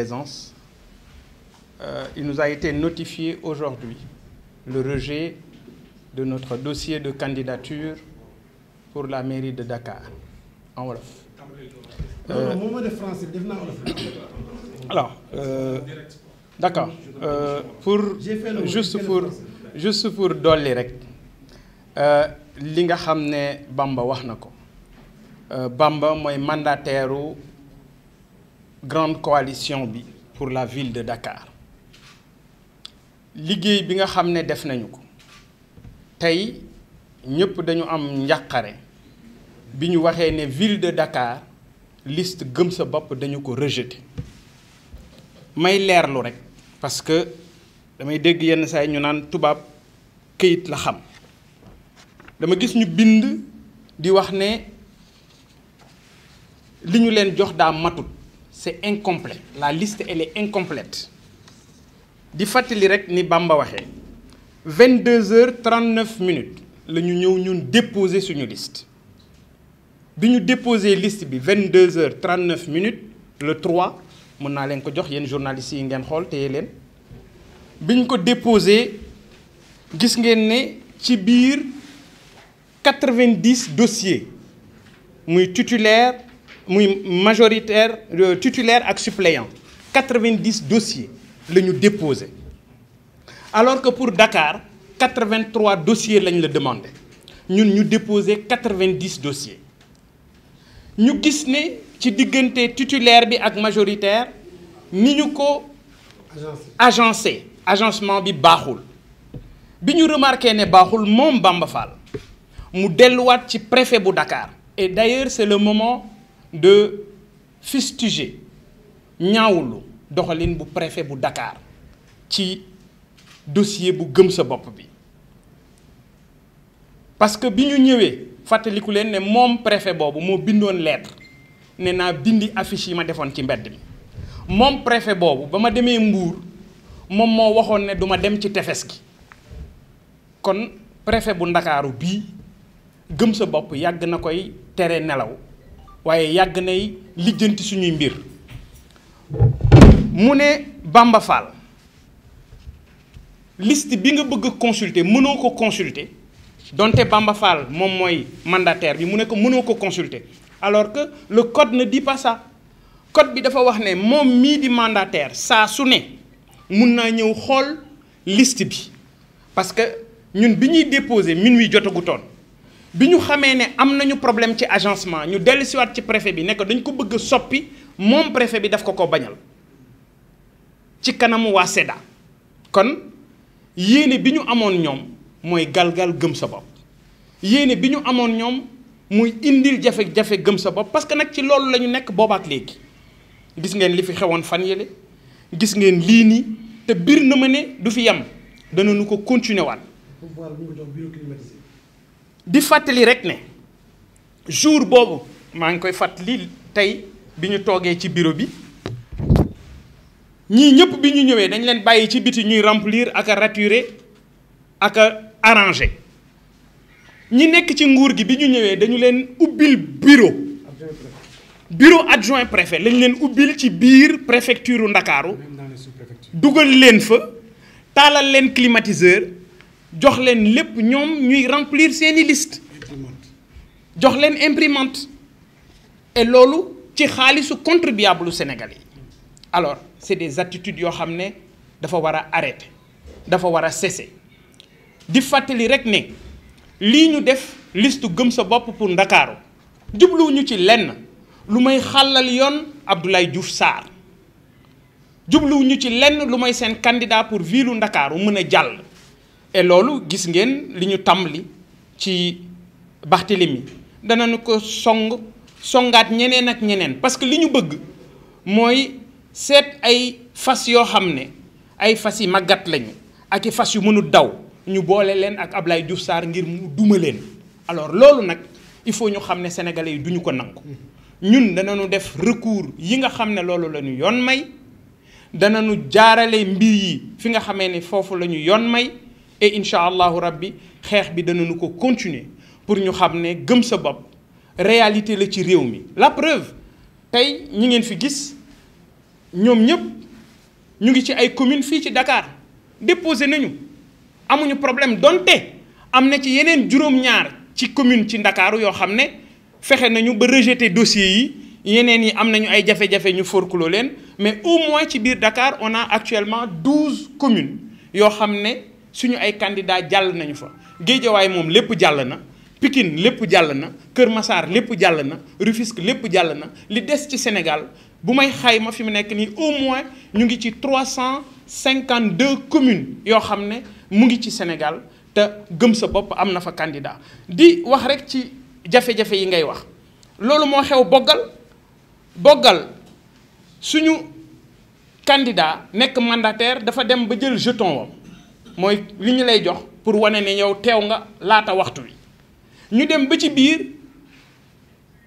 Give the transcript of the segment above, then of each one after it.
présence, euh, il nous a été notifié aujourd'hui le rejet de notre dossier de candidature pour la mairie de Dakar en wolof. Euh, euh alors euh, d'accord euh, pour juste pour juste pour dolli rek li nga xam ne Bamba wax na ko Bamba mooy mandataire grande coalition bi pour la ville de Dakar liggéey bi nga xam ne def nañu ko tey ñëpp dañu am njàqare bi ñu waxee ne ville de Dakar liste gëm sa bopp dañu ko rejeté may leerlu rek parce que damay dégg yenn saa yi ñu naan tubaab këyit la xam dama gis ñu bind di wax ne li ñu leen jox daa matut c'est incomplet la liste elle est incomplète di fàttali rek ni Bamba waxee vingt deux heures trente neuf minutes la ñu ñëw ñun déposer suñu list bi ñu déposer liste bi vingt deux heures trente neuf minutes le 3 mën naa leen ko jox yéen journalistes yi ngeen xool téye leen bi ñu ko déposé gis ngeen ne ci biir quatre vingt dix muy titulaire muy majoritaire euh, titulaire ak suppléant quatre-vingt-dix dossiers la ñu alors que pour Dakar quatre-vingt-trois dossiers la demandé ñun ñu déposé quatre-vingt-dix dossiers ñu gis ne ci diggante titulaire bi ak majoritaire ni ñu ko agencé agencement bi baaxul bi ñu remarqué ne baaxul moom Bamba mu delluwaat ci préfet bu Dakar et d'ailleurs c'est le moment de fustiger ñaawlu doxalin bu préfet bu dakaar ci dossier bu gëm sa bopp bi parce que bi ñu ñëwee fàttaliku leen ne moom préfet boobu moo bindoon lettre ne naa bindi affice yi ma defoon ci mbedd mi moom préfet boobu ba ma demee Mbour moom moo waxoon ne duma dem ci tefes gi kon préfet bu ndakaaru bii gëm sa bopp yàgg na koy tere nelaw waaye yàgg nay lijjanti suñuy mbir mu ne Bamba Fall liste bi nga bëgg consulter mënoo ko consulter donte Bamba moom mooy mandataire bi mu ne ko mënoo ko consulter alors que le code ne dit pas code bi dafa wax ne moom mii di mandataire saa su ne mun naa ñëw xool list bi parce que ñun bi ñuy déposer minuit jotagu toon bi ñu xamee ne am nañu problème ci agencement ñu dellu siwaat ci préfet bi ne ko dañ ko bëgg soppi moom préfet bi daf ko ko bañal ci kanamu waa SEDA kon yéene bi ñu amoon ñoom mooy galgal gëm sa bopp yéene bi ñu amoon ñoom muy indil jafe-jafe gëm sa bopp parce que nag ci loolu la ñu nekk boobaak léegi gis ngeen li fi xewoon fan yële gis ngeen lii nii te biir na ma ne du fi yem danañu ko continuer waat di fàttali rek ne jour boobu maa ngi koy fàttali tey bi ñu toogee ci bureau bi ñii ñëpp bi ñu ñëwee dañ leen bàyyi ci biti ñuy remplir ak a raturer ak a arranger ñi nekk ci nguur gi bi ñu ñëwee dañu leen ubbil bureau bureau adjoint préfet lañ leen ubbil ci biir préfecture Ndakaaru dugal leen fa taalal leen climatiseur jox leen lépp ñoom ñuy remplir seeni list jox leen imprimante et loolu ci xaalisu contribuable sénégal yi alors c'est des attitudes yoo xam ne dafa war a arrêter dafa war a cesser di fàttali rek ne lii ñu def listu gëm sa bopp pour Ndakaaru jubluwuñu ci lenn lu may xàllal yoon Abdoulaye Diouf Sarr jubluwuñu ci lenn lu may seen candidat pour ville Ndakaaru mën a jàll et loolu gis ngeen li ñu tàmbali ci Barthélemy danañu ko song songaat ñeneen ak ñeneen parce que li ñu bëgg mooy seet ay fas yoo xam ne ay fas yi màggat lañu ak i fas yu mënul daw ñu boole leen ak Ablaye Diouf saar ngir mu duma leen alors loolu nag il faut ñu xam ne sénégalais yi duñu ko nangu ñun danañu def recours yi nga xam ne loolu lañu yoon may danañu jaarale mbir yi fi nga xamee ne foofu la ñu yoon may et incha allahu rabbi xeex bi danañu ko continuer pour ñu xam ne gëm sa bopp réalité la ci réew mi la preuve tey ñi ngeen fi gis ñoom ñëpp ñu ngi ci ay commune fii ci Dakar déposé nañu amuñu problème donte am na ci yeneen juróom-ñaar ci commune ci Ndakaaru yoo xam ne fexe nañu ba rejeter dossiers yi yeneen yi am nañu ay jafe-jafe ñu forclos leen mais au moins ci biir dakaar on a actuellement douze communes yoo xam ne suñu ay candidat jàll nañu fa géejawaay moom lépp jàll na Pikine lépp jàll na Kër masaar lépp jàll na Rufisque lépp jàll na li des ci Sénégal bu may xayma fi mu nekk nii au moins ñu ngi ci trois cent cinquante deux communes yoo xam ne mu ngi ci Sénégal te gëm sa bopp am na fa candidat di wax rek ci jafe-jafe yi ngay wax loolu moo xew boggal boggal suñu candidat nekk mandataire dafa dem ba jël jeton wam mooy li ñu lay jox pour wane ne yow teew nga laata waxtu wi ñu dem ba ci biir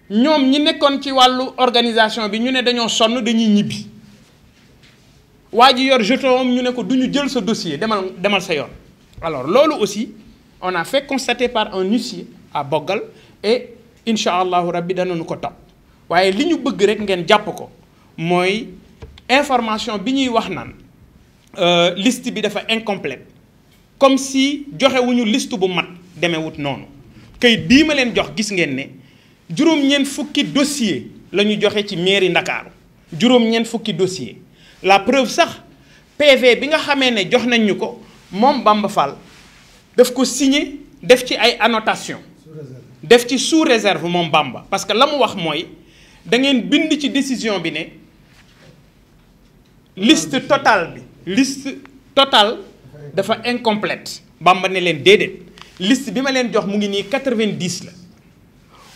ñoom ñi nekkoon ci wàllu organisation bi ñu ne dañoo sonn dañuy ñibbi waa ji yor jeton ñu ne ko duñu jël sa dossier demal demal sa yoon alors loolu aussi on a fait constater par un huissier à Bogal et incha allahu rabbi danañu ko topp waaye li ñu bëgg rek ngeen jàpp ko mooy information bi ñuy wax naan euh, liste bi dafa incomplète comme si joxewuñu list bu mat demewut noonu kayit bii ma leen jox gis ngeen ne juróom-ñeent fukki dossier la joxe ci mairie Ndakaaru juróom-ñeent fukki dossier la preuve sax PV bi nga xamee ne jox nañ ñu ko moom Bamba Fall daf ko signé def ci ay annotation def ci sous réserve moom Bamba parce que la mu wax mooy da ngeen bind ci décision bi ne liste total bi liste total dafa incomplète Bamba ne leen déedéet liste bi ma leen jox mu ngi nii quatre-vingt-dix la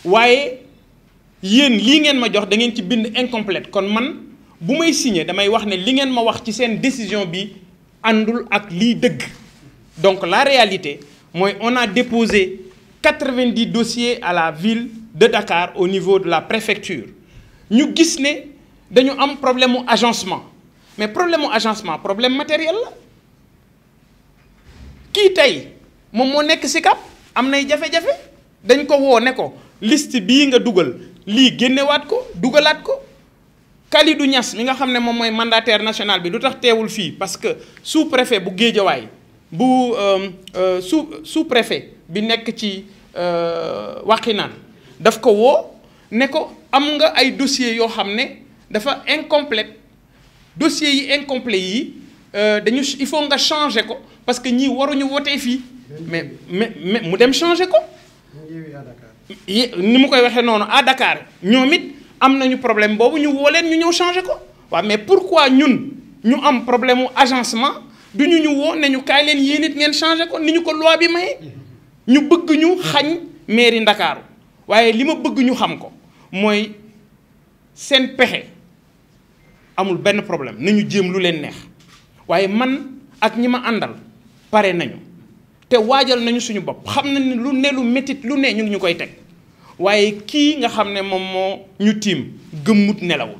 waaye yéen lii ngeen ma jox da ngeen ci bind incomplète kon man bu may signé damay wax ne li ngeen ma wax ci seen décision bi àndul ak lii dëgg donc la réalité mooy on a déposé quatre-vingt-dix dossiers à la ville de Dakar au niveau de la préfecture ñu gis ne dañu am problème mu agencement mais problème mu agencement problème matériel la kii tey moom moo nekk Sicap am nay jafe-jafe dañ ko woo ne ko list bii nga dugal lii génnewaat ko dugalaat ko Kalidou Niass mi nga xam ne moom mooy mandataire national bi lu tax teewul fii parce que euh, euh, sous préfet bu Géejawaay bu sous sous préfet bi nekk ci euh, Wakhinane daf ko woo ne ko am nga ay dossiers yoo xam ne dafa incomplète dossiers yi incomplet yi Euh, dañu il faut nga changer ko parce que ñii waruñu wotee fii mais mais mu dem changer ko ni mu koy waxee noonu à dakaar ñoom it am nañu problème boobu ñu woo leen ñu ñëw changer ko waaw mais pourquoi ñun ñu am problème mu agencement du ñu ñu woo ne ñu kaay leen yéen it ngeen changer ko ni ñu ko loi bi maye ñu bëgg ñu xañ mairie Ndakaaru waaye li ma bëgg ñu xam ko mooy seen pexe amul benn problème ñu jéem lu leen neex waaye man ak ñi ma àndal pare nañu te waajal nañu suñu bopp xam na ni lu ne lu métit lu ne ñu ngi ñu koy teg waaye kii nga xam ne moom moo ñu tiim gëmmut nelawul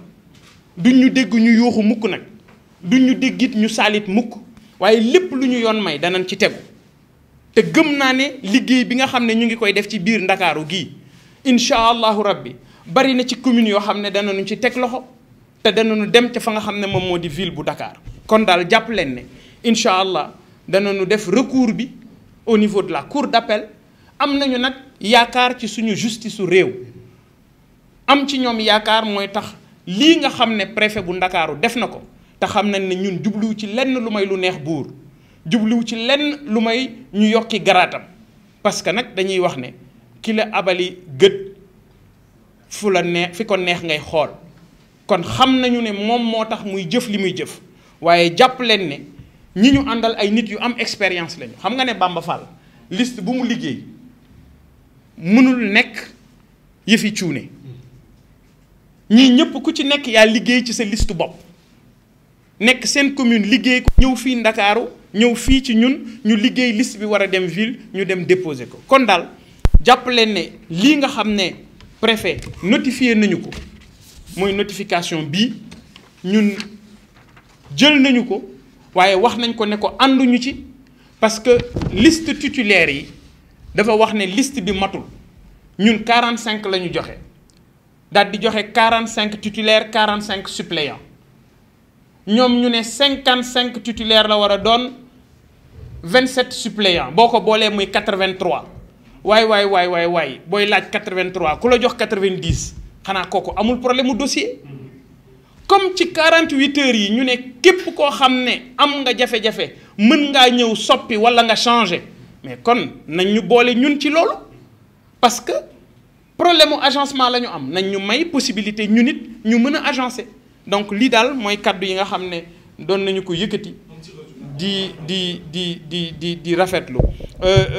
duñ ñu dégg ñu yuuxu mukk nag duñ ñu déggit ñu saalit mukk waaye lépp lu ñu yoon may danañ ci tegu te gëm naa ne liggéey bi nga xam ne ñu ngi koy def ci biir ndakaaru gii incha allahu rabbi bari na ci commune yoo xam ne danañu ci teg loxo te danañu dem ca fa nga xam ne moom moo di ville bu Dakar kon daal jàpp leen ne incha allah danañu def recours bi au niveau de la cour d'appel am nañu nag yaakaar ci suñu justice su réew am ci ñoom yaakaar mooy tax lii nga xam ne préfet bu ndakaaru def na ko te xam nañ ne ñun jubluwu ci lenn lu may lu neex buur jubluwu ci lenn lu may ñu yokki garaatam parce que nag dañuy wax ne ki la abali gët fu la neex fi ko neex ngay xool kon xam nañu ne moom moo tax muy jëf li muy jëf waaye jàpp leen ne ñi ñu àndal ay nit yu am expérience lañu xam nga ne Bamba Fall liste bu mu liggéey mënul nekk yëfi cuune ñii ñëpp ku ci nekk yaa liggéey ci sa liste bopp nekk seen commune liggéey ko ñëw fii Ndakaaru ñëw fii ci ñun ñu liggéey list bi war a dem ville ñu dem déposé ko kon daal jàpp leen ne lii nga xam ne préfet notifié nañu ko mooy notification bii ñun jël nañu ko waaye wax nañ ko ne ko ànduñu ci parce que liste titulaire yi dafa wax ne liste bi matul ñun 45 la ñu joxe daal di joxe 45 titulaire 45 suppléant ñoom ñu ne 55 titulaire la war a doon 27 suppléant boo ko boolee muy 83 waay waay waay waay waay booy laaj 83 ku la jox 90 xanaa kooku amul problème mu dossier. comme ci 48 heures yi ñu ne képp koo xam ne am nga jafe-jafe mën ngaa ñëw soppi walla nga changer mais kon nañ ñu boole ñun ci loolu parce que problème mu agencement la ñu am nañ ñu may possibilité ñun it ñu mën a agencer donc lii daal mooy kàddu yi nga xam ne doon nañu ko yëkkati di di di di di di rafetlu. Euh, euh,